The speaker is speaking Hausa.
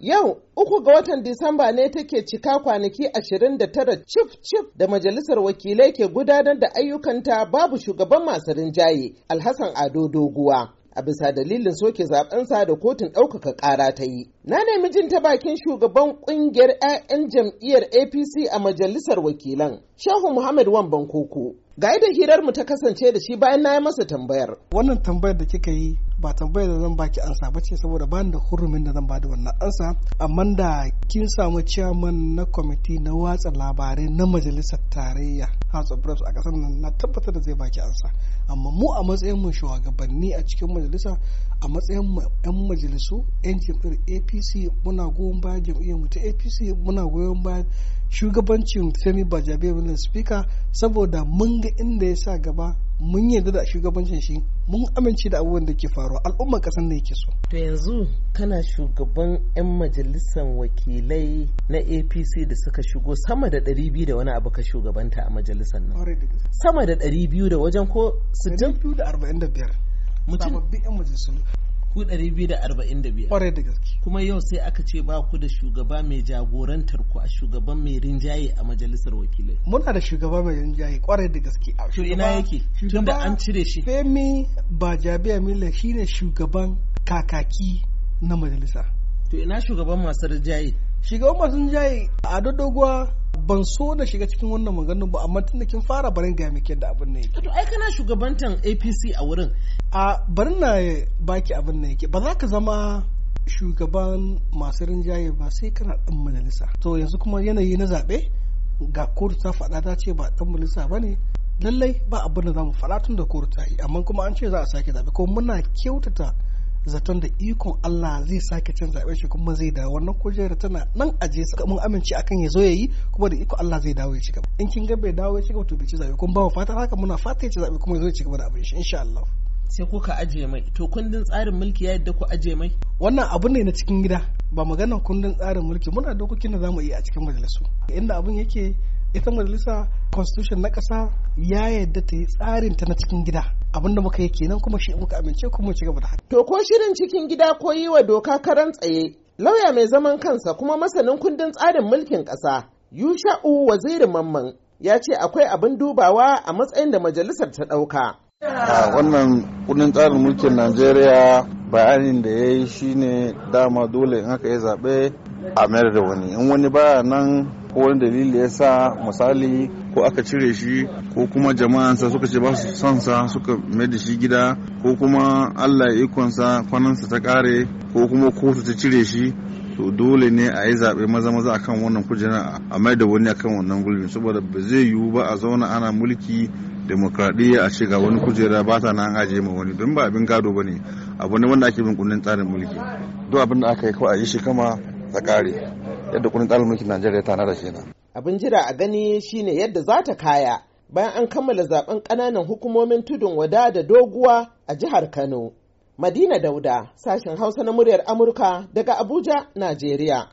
Yau uku ga watan Disamba ne take cika kwanaki 29 cif cif da Majalisar Wakilai ke gudanar da ayyukanta babu shugaban masu rinjaye Alhassan Ado Doguwa. A bisa dalilin soke zaɓensa da kotun ɗaukaka ƙara ta yi. Na nemi jin bakin shugaban kungiyar 'ya'yan jam'iyyar APC a majalisar wakilan, Shehu Muhammad Wan Bankoko. Ga da hirar mu ta kasance da shi bayan na yi masa tambayar. Wannan tambayar da kika yi ba tambayar da zan baki ansa ba ce saboda ba da hurumin da zan bada wannan ansa amma da kin samu ciyaman na kwamiti na watsa labarai na majalisar tarayya House of a kasar nan na tabbatar da zai baki ansa amma mu a matsayin mu shugabanni a cikin majalisa a matsayin mu yan majalisu yan jam'iyyar APC apc muna goyon bayan jam'iyyar mu ta apc muna goyon bayan shugabancin femi bajabe wannan speaker saboda mun ga inda ya sa gaba mun yarda da shugabancin shi mun amince da abubuwan da ke faruwa al'ummar kasan ne yake so to yanzu kana shugaban 'yan majalisar wakilai na apc da suka shigo sama da 200 da wani abu ka shugabanta a majalisar nan sama da 200 da wajen ko 60 245 mutum ku 245 biyu da gaske kuma yau sai aka ce ba ku da shugaba mai jagorantar ku a shugaban mai rinjaye a majalisar wakilai muna da shugaba mai rinjaye kwarai da gaske a to ina yake tun da an cire shi femi bajabiya shi shine shugaban kakaki na majalisa to ina shugaban masu rinjaye shugaban masu rinjaye a dodogowa ban so na shiga cikin wannan maganin ba amma tun da kin fara barin ga miki da abin nan yake to ai kana shugabantan APC a wurin a barin na baki abin nan yake ba za ka zama shugaban masu rinjaye ba sai kana dan majalisa to yanzu kuma yanayi na zabe ga kotu ta faɗa ta ce ba dan majalisa ne lallai ba abin da zamu faɗa tun da kotu ta yi amma kuma an ce za a sake zabe ko muna kyautata zaton da ikon Allah zai sake cin zaɓe shi kuma zai dawo wannan kujerar tana nan aje mun amince akan ya zo ya yi kuma da ikon Allah zai dawo ya ci gaba in kin ga bai dawo ya ci gaba to bai ci zaɓe kuma ba mu fatan haka muna fata ya ci zaɓe kuma ya zo ya ci gaba da abin shi insha Allah sai ko ka ajiye mai to kundin tsarin mulki ya yadda ku ajiye mai wannan abu ne na cikin gida ba magana kundin tsarin mulki muna dokokin da zamu iya a cikin majalisu inda abun yake ita majalisa constitution na ƙasa ya yadda ta yi tsarin ta na cikin gida abin da muka yi kenan kuma shi muka amince kuma ci gaba da haka. To ko shirin cikin gida ko yi wa doka karan tsaye lauya mai zaman kansa kuma masanin kundin tsarin mulkin ƙasa Yusha'u Wazirin Mamman ya ce akwai abin dubawa a matsayin da majalisar ta ɗauka. Wannan kundin tsarin mulkin Najeriya bayanin da ya yi shine dama dole in aka yi zaɓe a mayar da wani in wani baya nan ko wani dalili ya sa misali ko aka cire shi ko kuma jama'ansa suka ce ba su son sa suka mai da shi gida ko kuma Allah ya ikonsa kwanansa ta kare ko kuma kotu ta cire shi to dole ne a yi zaɓe maza maza akan wannan kujera a mai da wani akan wannan gulbin saboda ba zai yiwu ba a zauna ana mulki demokradiyya a ce wani kujera ba ta nan aje ma wani don ba abin gado ba ne abu ne wanda ake bin kundin tsarin mulki duk abin da aka yi kawai a yi shi kama ta kare yadda kudin tsarin mulkin najeriya ta nara kenan abin jira a gani shine yadda za ta kaya bayan an kammala zaben ƙananan hukumomin tudun wada da doguwa a jihar kano madina dauda sashen hausa na muryar amurka daga abuja najeriya